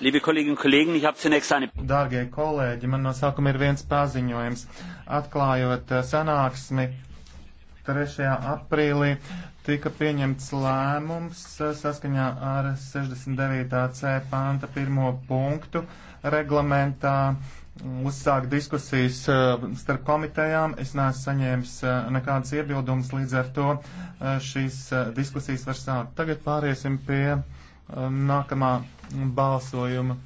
Dārgie kolēģi, man no sākuma ir viens paziņojums. Atklājot eh, sanāksmi 3. aprīlī, tika pieņemts lēmums eh, saskaņā ar 69.c panta pirmo punktu reglamentā mm, uzsākt diskusijas eh, starp komitejām. Es neesmu saņēmis nekādas iebildumus, līdz ar to šīs diskusijas var sākt. Tagad pāriesim pie nākamā balsojuma.